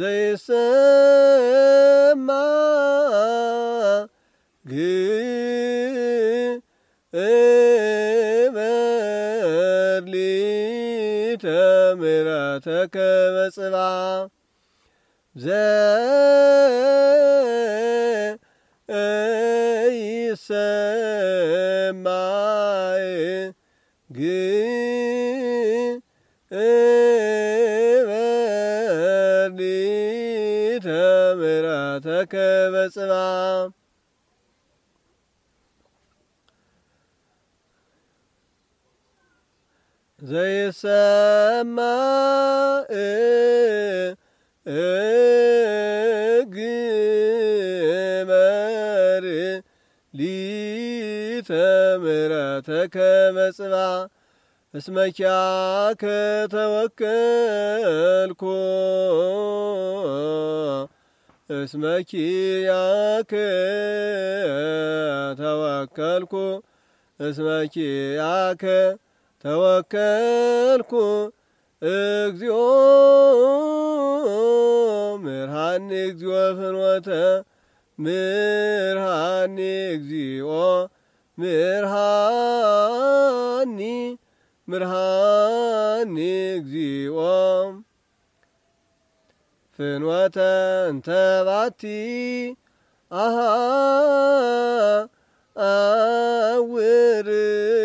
ዘይሰማ ግበር ሊተ ምሕረተከ በጽብዓ ዘይሰማይ ግ ተምሕረተከ በጽባ ዘይሰማ ግመር ሊተምሕረተከ በጽባ እስመኪያከ ከተወከልኩ እስመኪያከ ተወከልኩ እስመኪያከ ተወከልኩ እግዚኦ ምርሃኒ እግዚኦ ፍኖተ ምርሃኒ እግዚኦ ምርሃኒ مرهانك زيوام فنوة تبعتي أها أورك